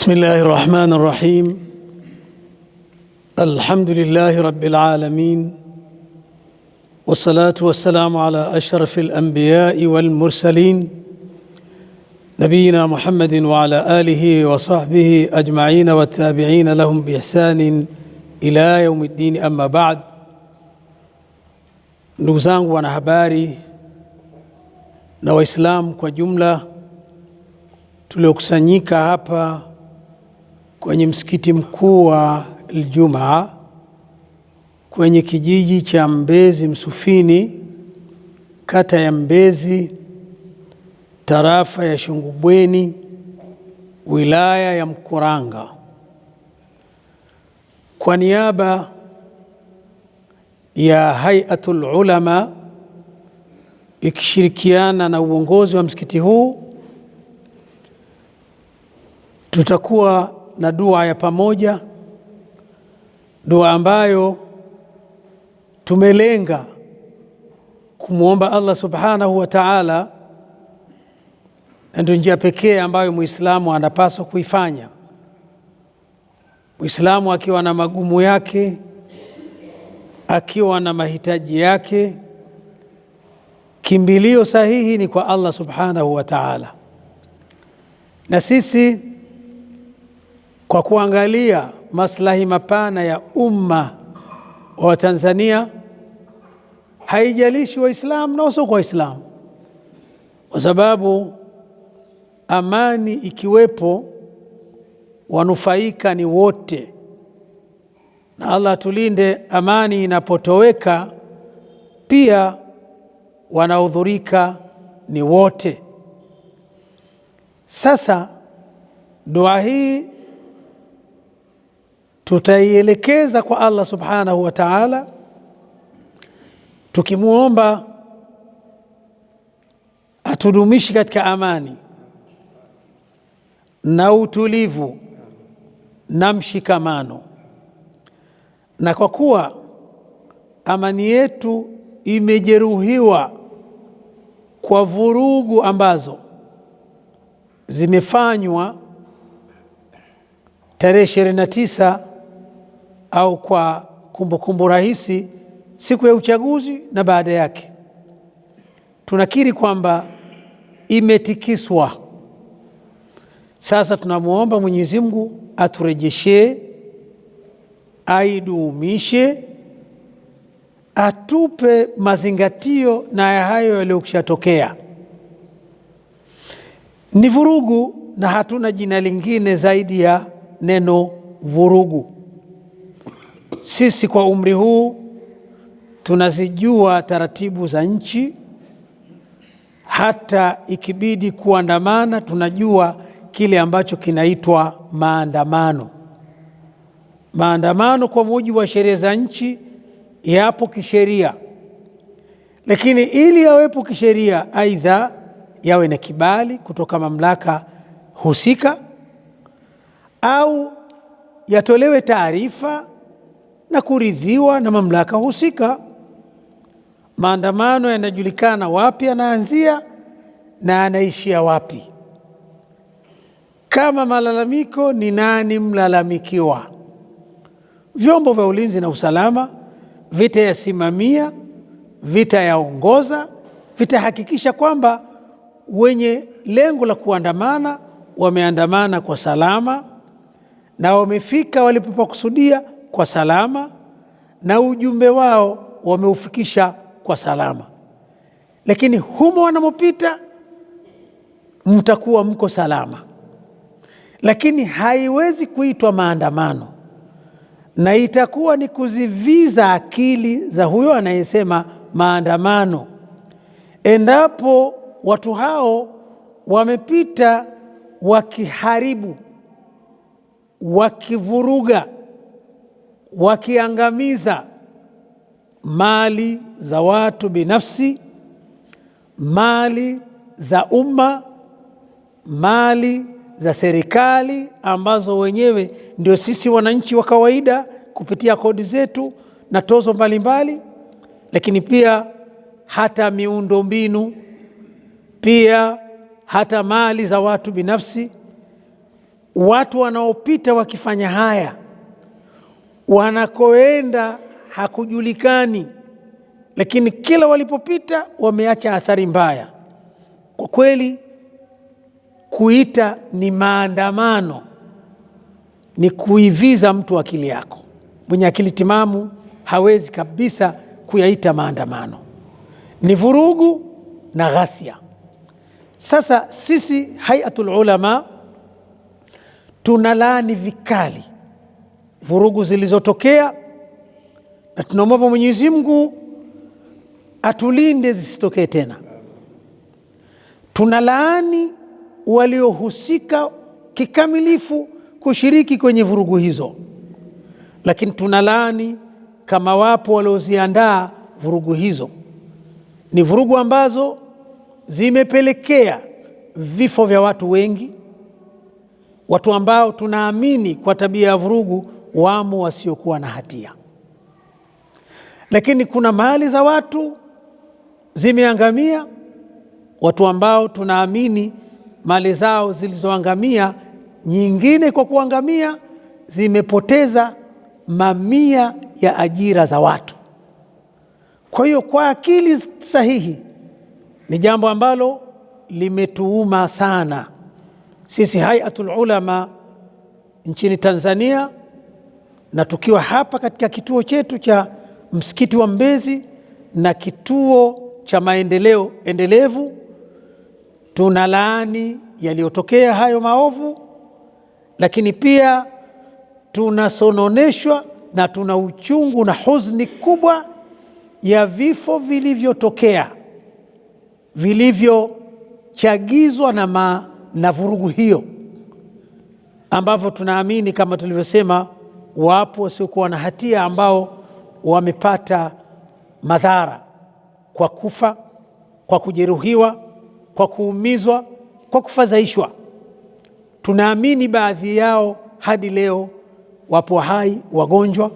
بسم الله الرحمن الرحيم الحمد لله رب العالمين والصلاه والسلام على اشرف الانبياء والمرسلين نبينا محمد وعلى اله وصحبه اجمعين والتابعين لهم باحسان الى يوم الدين اما بعد نوزان zangu نو اسلام كجمله تلوكسانيكا هابا tuliokusanyika hapa kwenye msikiti mkuu wa Ijumaa kwenye kijiji cha Mbezi Msufini, kata ya Mbezi, tarafa ya Shungubweni, wilaya ya Mkuranga. Kwa niaba ya Hayatul Ulama ikishirikiana na uongozi wa msikiti huu tutakuwa na dua ya pamoja, dua ambayo tumelenga kumwomba Allah subhanahu wa ta'ala, na ndio njia pekee ambayo Muislamu anapaswa kuifanya. Muislamu akiwa na magumu yake, akiwa na mahitaji yake, kimbilio sahihi ni kwa Allah subhanahu wa ta'ala, na sisi kwa kuangalia maslahi mapana ya umma wa Watanzania, haijalishi Waislamu na wasiokuwa Waislamu, kwa sababu amani ikiwepo wanufaika ni wote, na Allah tulinde. Amani inapotoweka pia wanaodhurika ni wote. Sasa dua hii tutaielekeza kwa Allah subhanahu wa ta'ala, tukimwomba atudumishi katika amani na utulivu na mshikamano, na kwa kuwa amani yetu imejeruhiwa kwa vurugu ambazo zimefanywa tarehe 29 au kwa kumbukumbu kumbu rahisi siku ya uchaguzi na baada yake, tunakiri kwamba imetikiswa. Sasa tunamwomba Mwenyezi Mungu aturejeshe, aidumishe, atupe mazingatio na ya hayo yaliyokishatokea. Ni vurugu na hatuna jina lingine zaidi ya neno vurugu. Sisi kwa umri huu tunazijua taratibu za nchi, hata ikibidi kuandamana, tunajua kile ambacho kinaitwa maandamano. Maandamano kwa mujibu wa sheria za nchi yapo kisheria, lakini ili yawepo kisheria, aidha yawe na kibali kutoka mamlaka husika au yatolewe taarifa na kuridhiwa na mamlaka husika. Maandamano yanajulikana wapi anaanzia na anaishia wapi. Kama malalamiko ni nani mlalamikiwa, vyombo vya ulinzi na usalama vitayasimamia, vitayaongoza, vitahakikisha kwamba wenye lengo la kuandamana wameandamana kwa salama na wamefika walipopakusudia kwa salama na ujumbe wao wameufikisha kwa salama, lakini humo wanamopita mtakuwa mko salama, lakini haiwezi kuitwa maandamano na itakuwa ni kuziviza akili za huyo anayesema maandamano, endapo watu hao wamepita wakiharibu, wakivuruga wakiangamiza mali za watu binafsi, mali za umma, mali za serikali ambazo wenyewe ndio sisi wananchi wa kawaida kupitia kodi zetu na tozo mbalimbali mbali, lakini pia hata miundombinu pia hata mali za watu binafsi. Watu wanaopita wakifanya haya wanakoenda hakujulikani, lakini kila walipopita wameacha athari mbaya. Kwa kweli, kuita ni maandamano ni kuiviza mtu akili yako. Mwenye akili timamu hawezi kabisa kuyaita maandamano, ni vurugu na ghasia. Sasa sisi Hayatul Ulama tunalaani vikali vurugu zilizotokea, na tunamwomba Mwenyezi Mungu atulinde zisitokee tena. Tunalaani waliohusika kikamilifu kushiriki kwenye vurugu hizo, lakini tunalaani kama wapo walioziandaa vurugu hizo. Ni vurugu ambazo zimepelekea vifo vya watu wengi, watu ambao tunaamini kwa tabia ya vurugu wamo wasiokuwa na hatia, lakini kuna mali za watu zimeangamia, watu ambao tunaamini mali zao zilizoangamia, nyingine kwa kuangamia zimepoteza mamia ya ajira za watu. Kwa hiyo kwa akili sahihi, ni jambo ambalo limetuuma sana sisi Hayatul Ulama nchini Tanzania na tukiwa hapa katika kituo chetu cha msikiti wa Mbezi na kituo cha maendeleo endelevu, tunalaani yaliyotokea hayo maovu, lakini pia tunasononeshwa na tuna uchungu na huzuni kubwa ya vifo vilivyotokea vilivyochagizwa na, na vurugu hiyo ambavyo tunaamini kama tulivyosema wapo wasiokuwa na hatia ambao wamepata madhara kwa kufa, kwa kujeruhiwa, kwa kuumizwa, kwa kufadhaishwa. Tunaamini baadhi yao hadi leo wapo hai, wagonjwa,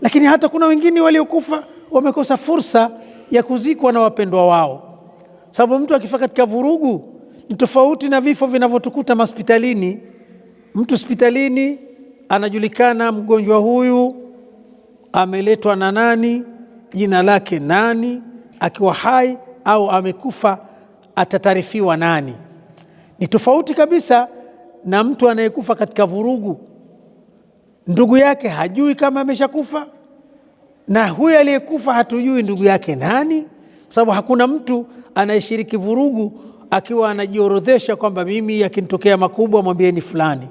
lakini hata kuna wengine waliokufa wamekosa fursa ya kuzikwa na wapendwa wao, sababu mtu akifa katika vurugu ni tofauti na vifo vinavyotukuta mahospitalini. Mtu hospitalini anajulikana mgonjwa huyu ameletwa na nani, jina lake nani, akiwa hai au amekufa, atataarifiwa nani. Ni tofauti kabisa na mtu anayekufa katika vurugu, ndugu yake hajui kama ameshakufa, na huyu aliyekufa hatujui ndugu yake nani, kwa sababu hakuna mtu anayeshiriki vurugu akiwa anajiorodhesha kwamba mimi, akinitokea makubwa, mwambieni fulani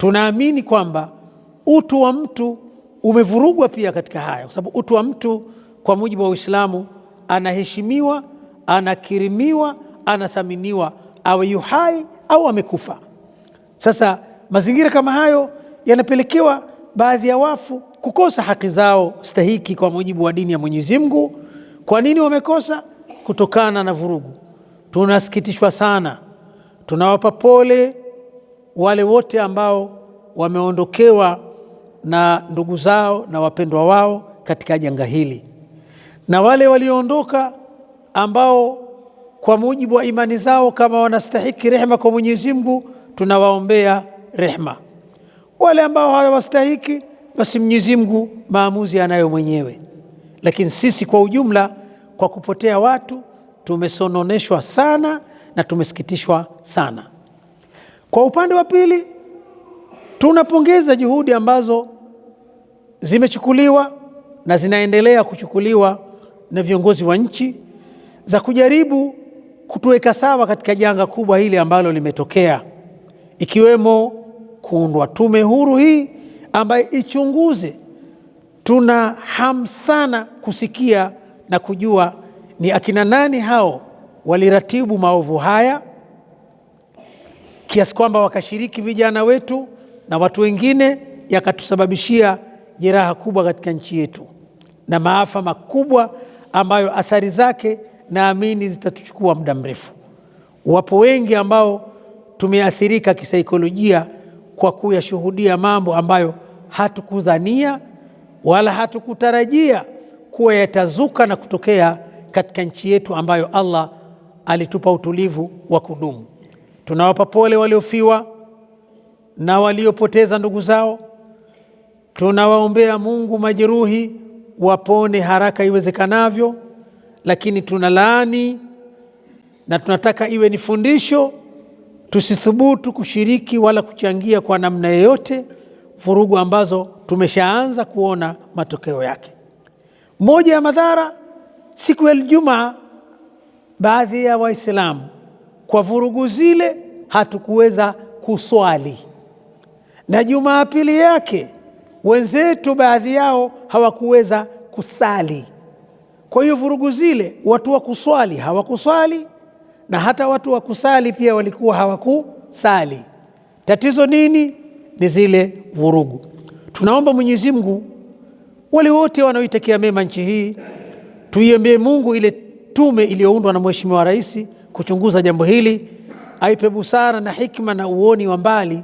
tunaamini kwamba utu wa mtu umevurugwa pia katika haya, kwa sababu utu wa mtu kwa mujibu wa Uislamu anaheshimiwa, anakirimiwa, anathaminiwa awe yu hai au amekufa. Sasa mazingira kama hayo yanapelekewa baadhi ya wafu kukosa haki zao stahiki kwa mujibu wa dini ya Mwenyezi Mungu. Kwa nini wamekosa? Kutokana na vurugu. Tunasikitishwa sana, tunawapa pole wale wote ambao wameondokewa na ndugu zao na wapendwa wao katika janga hili, na wale walioondoka ambao kwa mujibu wa imani zao kama wanastahiki rehma kwa Mwenyezi Mungu, tunawaombea rehma. Wale ambao hawastahiki, basi Mwenyezi Mungu maamuzi anayo mwenyewe. Lakini sisi kwa ujumla, kwa kupotea watu tumesononeshwa sana na tumesikitishwa sana. Kwa upande wa pili, tunapongeza juhudi ambazo zimechukuliwa na zinaendelea kuchukuliwa na viongozi wa nchi za kujaribu kutuweka sawa katika janga kubwa hili ambalo limetokea, ikiwemo kuundwa tume huru hii ambayo ichunguze. Tuna hamu sana kusikia na kujua ni akina nani hao waliratibu maovu haya kiasi kwamba wakashiriki vijana wetu na watu wengine, yakatusababishia jeraha kubwa katika nchi yetu na maafa makubwa ambayo athari zake naamini zitatuchukua muda mrefu. Wapo wengi ambao tumeathirika kisaikolojia kwa kuyashuhudia mambo ambayo hatukudhania wala hatukutarajia kuwa yatazuka na kutokea katika nchi yetu ambayo Allah alitupa utulivu wa kudumu tunawapa pole waliofiwa na waliopoteza ndugu zao. Tunawaombea Mungu majeruhi wapone haraka iwezekanavyo, lakini tunalaani na tunataka iwe ni fundisho, tusithubutu kushiriki wala kuchangia kwa namna yoyote vurugu ambazo tumeshaanza kuona matokeo yake. Moja ya madhara, siku ya Ijumaa, baadhi ya Waislamu kwa vurugu zile hatukuweza kuswali, na Jumapili yake wenzetu baadhi yao hawakuweza kusali. Kwa hiyo vurugu zile, watu wa kuswali hawakuswali, na hata watu wa kusali pia walikuwa hawakusali. Tatizo nini? Ni zile vurugu. Tunaomba Mwenyezi Mungu wale wote wanaoitakia mema nchi hii, tuiembee Mungu ile tume iliyoundwa na Mheshimiwa Rais kuchunguza jambo hili, aipe busara na hikma na uoni wa mbali,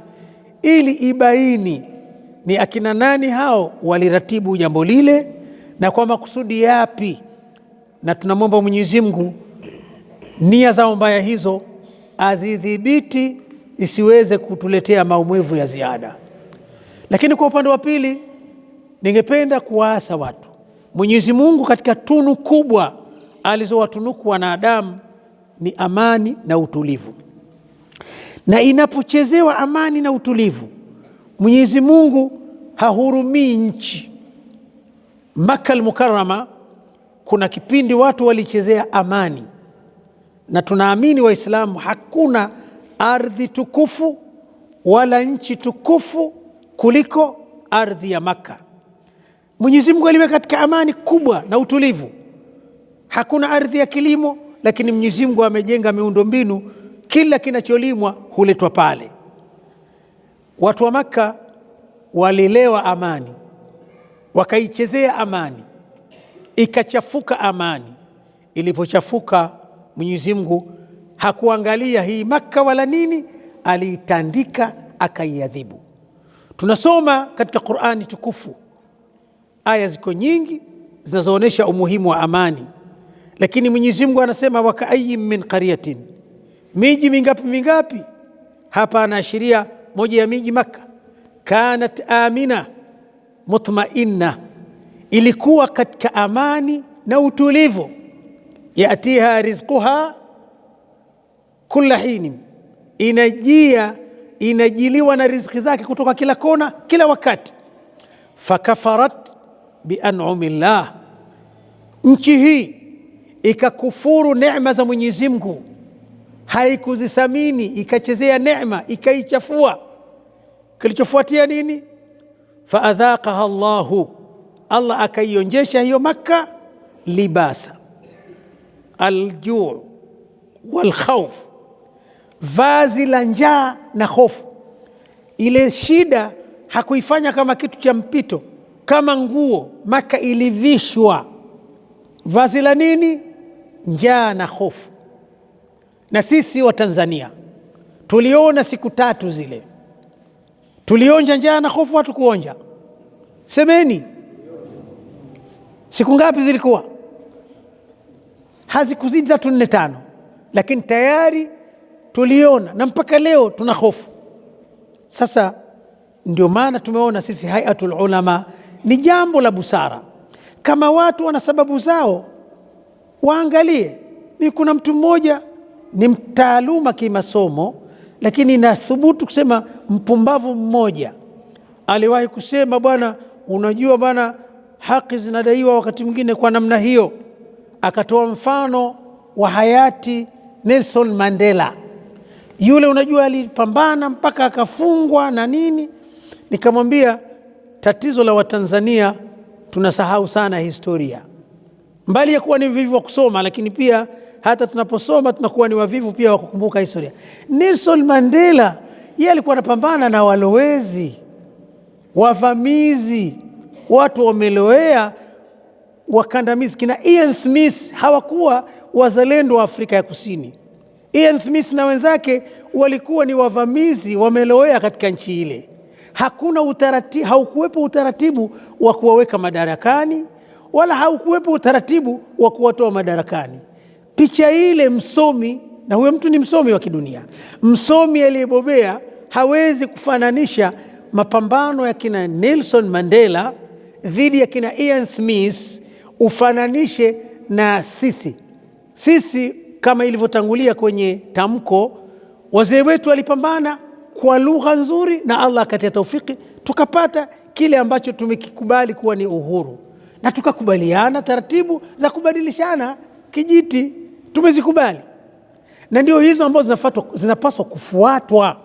ili ibaini ni akina nani hao waliratibu jambo lile na kwa makusudi yapi, na tunamwomba Mwenyezi Mungu nia zao mbaya hizo azidhibiti isiweze kutuletea maumivu ya ziada. Lakini kwa upande wa pili, ningependa kuwaasa watu, Mwenyezi Mungu katika tunu kubwa alizowatunuku wanadamu ni amani na utulivu, na inapochezewa amani na utulivu, Mwenyezi Mungu hahurumii nchi. Maka Almukarama kuna kipindi watu walichezea amani, na tunaamini Waislamu hakuna ardhi tukufu wala nchi tukufu kuliko ardhi ya Makka. Mwenyezi Mungu aliweka katika amani kubwa na utulivu, hakuna ardhi ya kilimo lakini Mwenyezi Mungu amejenga mbinu kila kinacholimwa huletwa pale. Watu wa Makka walilewa amani, wakaichezea amani, ikachafuka amani. Ilipochafuka, Mwenyezi Mungu hakuangalia hii Makka wala nini, aliitandika akaiadhibu. Tunasoma katika Qur'ani tukufu aya ziko nyingi zinazoonyesha umuhimu wa amani. Lakini Mwenyezi Mungu anasema wakaayin min qaryatin, miji mingapi mingapi. Hapa anaashiria moja ya miji Makka. Kanat amina mutmainna, ilikuwa katika amani na utulivu. Yatiha rizquha kulla hini, inajia inajiliwa na riziki zake kutoka kila kona, kila wakati. Fakafarat bianumi nchi hii ikakufuru neema za Mwenyezi Mungu, haikuzithamini ikachezea neema, ikaichafua. Kilichofuatia nini? faadhaqaha llahu, Allah akaionjesha hiyo Makka libasa aljuu walkhauf, vazi la njaa na hofu. Ile shida hakuifanya kama kitu cha mpito, kama nguo. Maka ilivishwa vazi la nini? njaa na hofu. Na sisi Watanzania tuliona siku tatu zile, tulionja njaa na hofu? Hatukuonja? Semeni, siku ngapi zilikuwa? Hazikuzidi tatu nne tano, lakini tayari tuliona, na mpaka leo tuna hofu. Sasa ndio maana tumeona sisi Hayatul Ulama ni jambo la busara, kama watu wana sababu zao waangalie. Ni kuna mtu mmoja ni mtaaluma kimasomo, lakini nathubutu kusema mpumbavu mmoja aliwahi kusema, bwana, unajua bwana, haki zinadaiwa wakati mwingine kwa namna hiyo. Akatoa mfano wa hayati Nelson Mandela yule, unajua alipambana mpaka akafungwa na nini. Nikamwambia tatizo la Watanzania tunasahau sana historia mbali ya kuwa ni vivu wa kusoma, lakini pia hata tunaposoma tunakuwa ni wavivu pia wa kukumbuka historia. Nelson Mandela yeye alikuwa anapambana na walowezi, wavamizi, watu wamelowea, wakandamizi. Kina Ian Smith hawakuwa wazalendo wa Afrika ya Kusini. Ian Smith na wenzake walikuwa ni wavamizi, wamelowea katika nchi ile. Hakuna utaratibu, haukuwepo utaratibu wa kuwaweka madarakani wala haukuwepo utaratibu wa kuwatoa madarakani. Picha ile msomi, na huyo mtu ni msomi wa kidunia, msomi aliyebobea hawezi kufananisha mapambano ya kina Nelson Mandela dhidi ya kina Ian Smith ufananishe na sisi. Sisi kama ilivyotangulia kwenye tamko, wazee wetu walipambana kwa lugha nzuri, na Allah akatia taufiki tukapata kile ambacho tumekikubali kuwa ni uhuru na tukakubaliana taratibu za kubadilishana kijiti, tumezikubali na ndio hizo ambazo zinapaswa kufuatwa.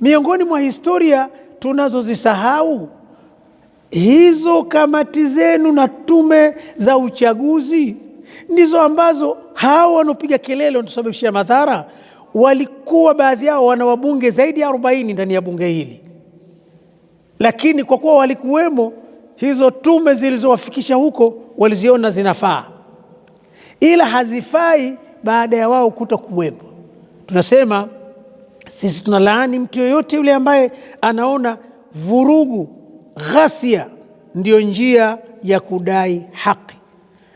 Miongoni mwa historia tunazozisahau hizo kamati zenu na tume za uchaguzi ndizo ambazo hawa wanaopiga kelele wanatusababishia madhara. Walikuwa baadhi yao wana wabunge zaidi ya 40 ndani ya bunge hili, lakini kwa kuwa walikuwemo hizo tume zilizowafikisha huko waliziona zinafaa, ila hazifai baada ya wao kuto kuwepo. Tunasema sisi tunalaani mtu yoyote yule ambaye anaona vurugu, ghasia ndiyo njia ya kudai haki,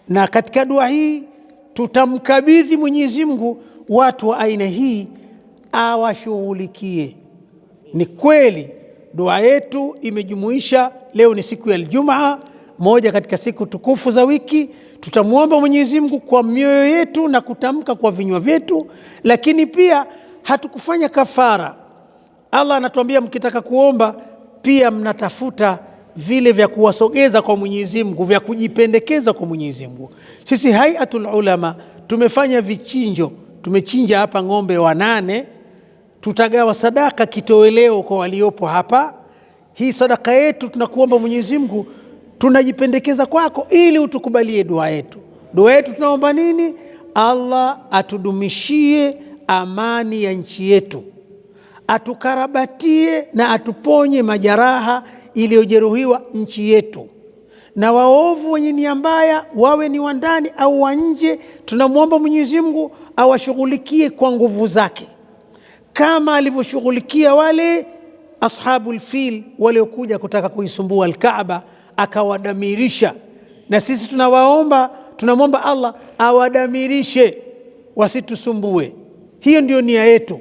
na katika dua hii tutamkabidhi Mwenyezi Mungu watu wa aina hii awashughulikie. Ni kweli dua yetu imejumuisha Leo ni siku ya Ijumaa, moja katika siku tukufu za wiki. Tutamwomba Mwenyezi Mungu kwa mioyo yetu na kutamka kwa vinywa vyetu, lakini pia hatukufanya kafara. Allah anatuambia mkitaka kuomba pia mnatafuta vile vya kuwasogeza kwa Mwenyezi Mungu, vya kujipendekeza kwa Mwenyezi Mungu. Sisi Hayatul Ulama tumefanya vichinjo, tumechinja hapa ng'ombe wanane, tutagawa sadaka kitoweleo kwa waliopo hapa hii sadaka yetu, tunakuomba Mwenyezi Mungu, tunajipendekeza kwako ili utukubalie dua yetu. Dua yetu tunaomba nini? Allah atudumishie amani ya nchi yetu, atukarabatie na atuponye majeraha iliyojeruhiwa nchi yetu, na waovu wenye nia mbaya wawe ni wa ndani au wa nje. Tunamwomba Mwenyezi Mungu awashughulikie kwa nguvu zake kama alivyoshughulikia wale ashabul fil waliokuja kutaka kuisumbua Alkaaba akawadamirisha. Na sisi tunawaomba, tunamwomba Allah awadamirishe wasitusumbue. Hiyo ndio nia yetu,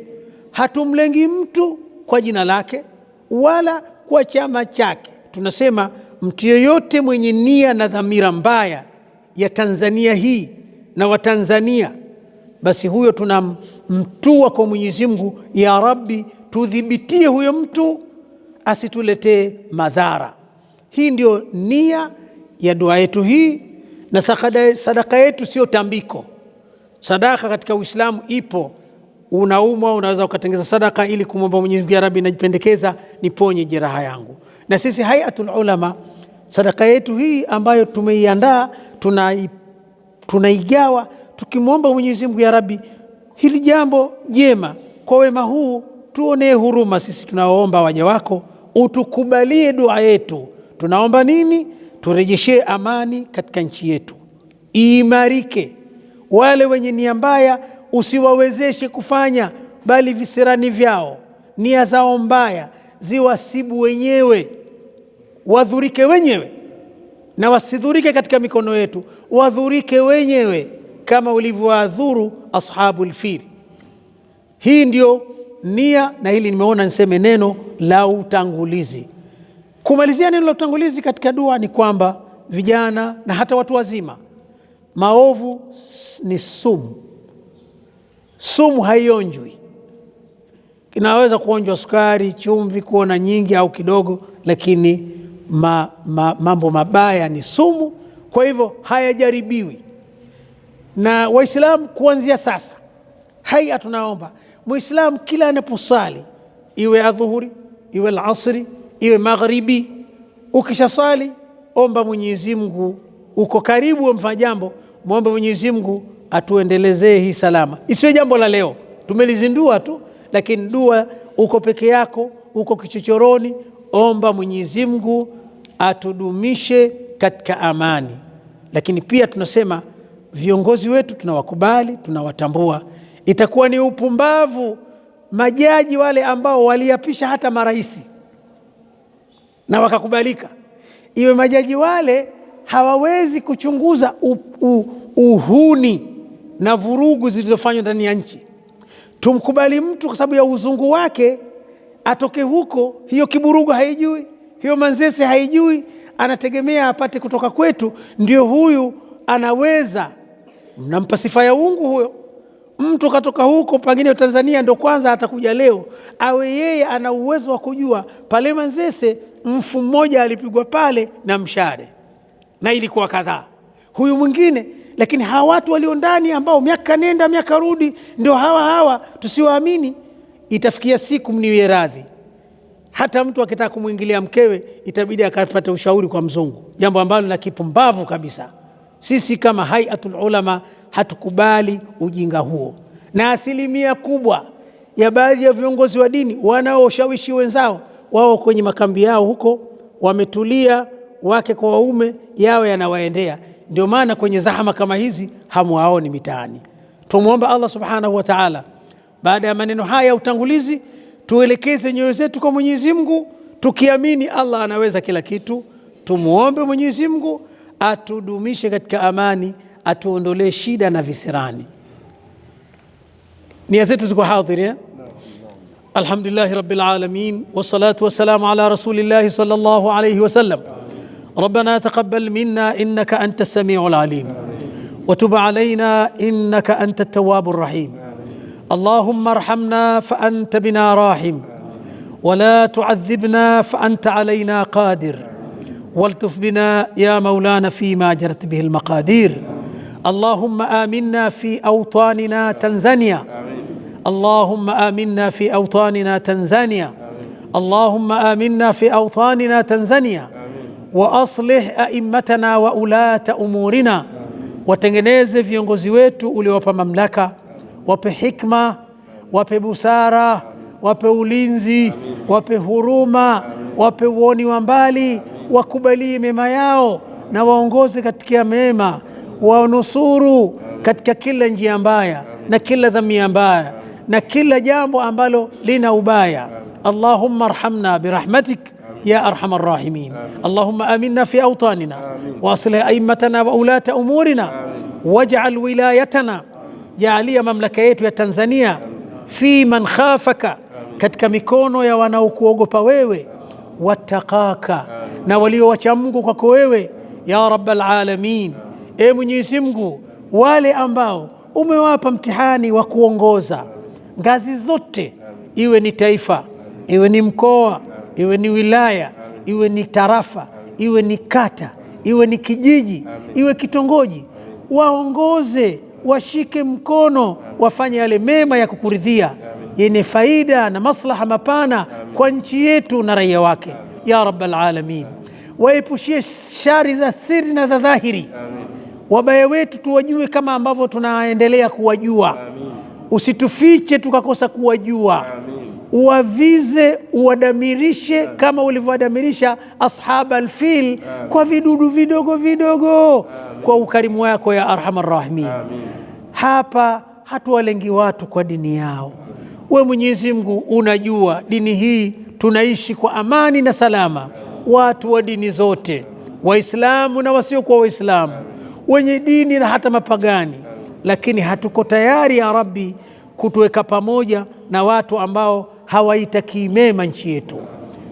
hatumlengi mtu kwa jina lake wala kwa chama chake. Tunasema mtu yoyote mwenye nia na dhamira mbaya ya Tanzania hii na Watanzania, basi huyo tunamtua kwa Mwenyezi Mungu, ya Rabbi tudhibitie huyo mtu asituletee madhara. Hii ndiyo nia ya dua yetu hii, na sadaka yetu sio tambiko. Sadaka katika Uislamu ipo. Unaumwa, unaweza ukatengeza sadaka ili kumwomba Mwenyezi Mungu, ya Rabbi, najipendekeza niponye jeraha yangu. Na sisi Hayatul Ulama, sadaka yetu hii ambayo tumeiandaa, tunaigawa, tuna tukimwomba Mwenyezi Mungu, ya Rabbi, hili jambo jema kwa wema huu tuonee huruma sisi tunaoomba waja wako, utukubalie dua yetu. Tunaomba nini? Turejeshee amani katika nchi yetu, iimarike. Wale wenye nia mbaya usiwawezeshe kufanya, bali visirani vyao, nia zao mbaya ziwasibu wenyewe, wadhurike wenyewe na wasidhurike katika mikono yetu, wadhurike wenyewe kama ulivyowadhuru ashabul fil. Hii ndio nia, na hili nimeona niseme neno la utangulizi. Kumalizia neno la utangulizi katika dua ni kwamba vijana na hata watu wazima, maovu ni sumu. Sumu haionjwi, inaweza kuonjwa sukari, chumvi, kuona nyingi au kidogo, lakini ma, ma, mambo mabaya ni sumu. Kwa hivyo hayajaribiwi na Waislamu kuanzia sasa. Haya, tunaomba Muislamu kila anaposali iwe adhuhuri iwe alasri iwe maghribi, ukishasali omba Mwenyezi Mungu, uko karibu wamfanya jambo, mwombe Mwenyezi Mungu atuendelezee hii salama, isiwe jambo la leo tumelizindua tu, lakini dua uko peke yako, uko kichochoroni, omba Mwenyezi Mungu atudumishe katika amani. Lakini pia tunasema viongozi wetu tunawakubali, tunawatambua. Itakuwa ni upumbavu majaji wale ambao waliapisha hata marais na wakakubalika, iwe majaji wale hawawezi kuchunguza u, u, uhuni na vurugu zilizofanywa ndani ya nchi. Tumkubali mtu kwa sababu ya uzungu wake atoke huko, hiyo Kiburugu haijui, hiyo Manzese haijui, anategemea apate kutoka kwetu. Ndio huyu anaweza, mnampa sifa ya uungu huyo Mtu katoka huko pengine Tanzania ndo kwanza atakuja leo, awe yeye ana uwezo wa kujua pale Manzese mfu mmoja alipigwa pale na mshale na ilikuwa kadhaa, huyu mwingine lakini hawa watu walio ndani ambao miaka nenda miaka rudi ndio hawa hawa tusiwaamini. Itafikia siku mniwie radhi, hata mtu akitaka kumwingilia mkewe itabidi akapata ushauri kwa mzungu, jambo ambalo la kipumbavu kabisa. Sisi kama Haiatul Ulama hatukubali ujinga huo, na asilimia kubwa ya baadhi ya viongozi wa dini wanaoshawishi wenzao wao kwenye makambi yao huko wametulia, wake kwa waume, yao yanawaendea. Ndio maana kwenye zahama kama hizi hamwaoni mitaani. Tumwomba Allah subhanahu wa taala, baada ya maneno haya ya utangulizi, tuelekeze nyoyo zetu kwa Mwenyezi Mungu tukiamini Allah anaweza kila kitu. Tumwombe Mwenyezi Mungu atudumishe katika amani. atuondolee shida na visirani. Nia zetu ziko hadhiri eh? Alhamdulillahi rabbil alamin wassalatu wassalamu ala rasulillahi sallallahu alayhi wasallam. Rabbana taqabbal minna innaka anta samiul alim wa tub alayna innaka anta tawwabur rahim. Allahumma arhamna fa anta bina rahim wa la tu'adhibna fa anta alayna qadir waltuf bina ya maulana fima jarat bihi almaqadir Allahumma aminna fi awtanina Tanzania Amin. Allahumma aminna fi awtanina Tanzania Amin. Allahumma aminna fi awtanina Tanzania Amin. wa aslih aimmatana wa ulata umurina Amin. Watengeneze viongozi wetu uliowapa mamlaka Wape hikma, wape busara Wape ulinzi Amin. Wape huruma Amin. Wape uoni wa mbali, wakubalie mema yao na waongoze katika mema wanusuru katika kila njia mbaya na kila dhamia mbaya na kila jambo ambalo lina ubaya. Allahumma arhamna birahmatik ya arhamar rahimin. Allahumma aminna fi awtanina waslih aslih aimatana wa ulata umurina waj'al wilayatana, jaalia mamlaka yetu ya Tanzania fi man khafaka, katika mikono ya wanaokuogopa wewe, wattaqaka, na walio wacha Mungu kwako wewe ya rabbal alamin. E Mwenyezi Mungu, wale ambao umewapa mtihani wa kuongoza ngazi zote, iwe ni taifa, iwe ni mkoa, iwe ni wilaya, iwe ni tarafa, iwe ni kata, iwe ni kijiji, iwe kitongoji, waongoze washike mkono, wafanye yale mema ya kukuridhia yenye faida na maslaha mapana kwa nchi yetu na raia wake. Ya rabbal alamin, waepushie shari za siri na za dhahiri wabaya wetu tuwajue kama ambavyo tunaendelea kuwajua. Amin. Usitufiche tukakosa kuwajua. Amin. Uwavize, uwadamirishe Amin. kama ulivyowadamirisha ashab alfil Amin. kwa vidudu vidogo vidogo Amin. kwa ukarimu wako ya arhamar rahimin. Hapa hatuwalengi watu kwa dini yao. We Mwenyezi Mungu unajua dini hii tunaishi kwa amani na salama, watu wa dini zote, Waislamu na wasiokuwa Waislamu wenye dini na hata mapagani, lakini hatuko tayari ya Rabbi kutuweka pamoja na watu ambao hawaitakii mema nchi yetu.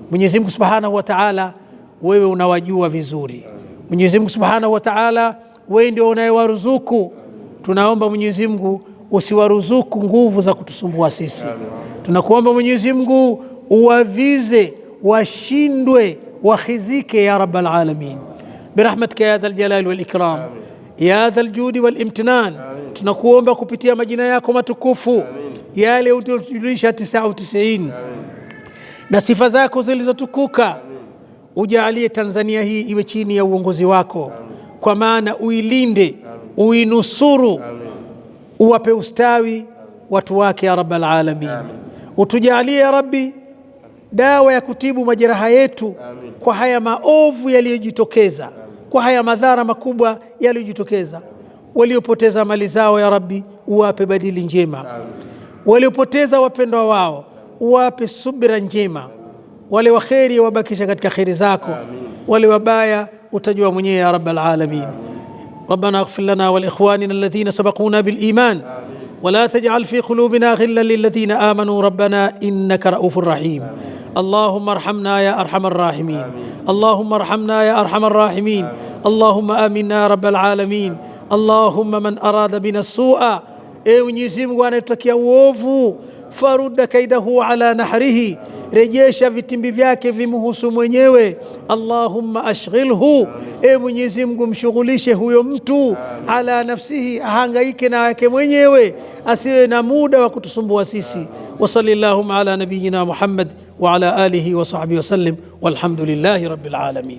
Mwenyezi Mungu Subhanahu wa Ta'ala, wewe unawajua vizuri. Mwenyezi Mungu Subhanahu wa Ta'ala, wewe ndio unayewaruzuku. Tunaomba Mwenyezi Mungu usiwaruzuku nguvu za kutusumbua sisi. Tunakuomba Mwenyezi Mungu uwavize, washindwe, wahizike ya rabbal alamin birahmatika ya dhal jalali wal ikram ya dhal judi wal imtinan, tunakuomba kupitia majina yako matukufu yale uliotujulisha tisa tisini na sifa zako zilizotukuka, ujaalie Tanzania hii iwe chini ya uongozi wako Amin. Kwa maana uilinde, uinusuru, uwape ustawi watu wake ya rabbal alamin. Utujalie ya Rabbi dawa ya kutibu majeraha yetu Amin. Kwa haya maovu yaliyojitokeza kwa haya madhara makubwa yaliyojitokeza. Waliopoteza mali zao, ya Rabbi, uwape badili njema. Waliopoteza wapendwa wao, uwape subira njema. Wale waheri wabakisha katika kheri zako, wale wabaya utajua mwenyewe, ya Rabbal alamin. Rabbana ighfir lana wa liikhwanina alladhina sabaquna bil iman wa taj'al fi qulubina ghillan lil ladhina amanu rabbana innaka raufur rahim. اللهم ارحمنا يا ارحم الراحمين اللهم ارحمنا يا ارحم الراحمين اللهم امنا يا رب العالمين اللهم من اراد بنا السوء اي mwenyezi وانا anayotakia ووفو farudda kaidahu ala nahrihi, rejesha vitimbi vyake vimuhusu mwenyewe. Allahumma ashghilhu, e Mwenyezi Mungu mshughulishe huyo mtu, ala nafsihi, ahangaike na yake mwenyewe, asiwe na muda wa kutusumbua sisi. Wa sallallahu ala nabiyyina Muhammad wa ala alihi wa sahbihi wasallim, walhamdulillahi rabbil alamin.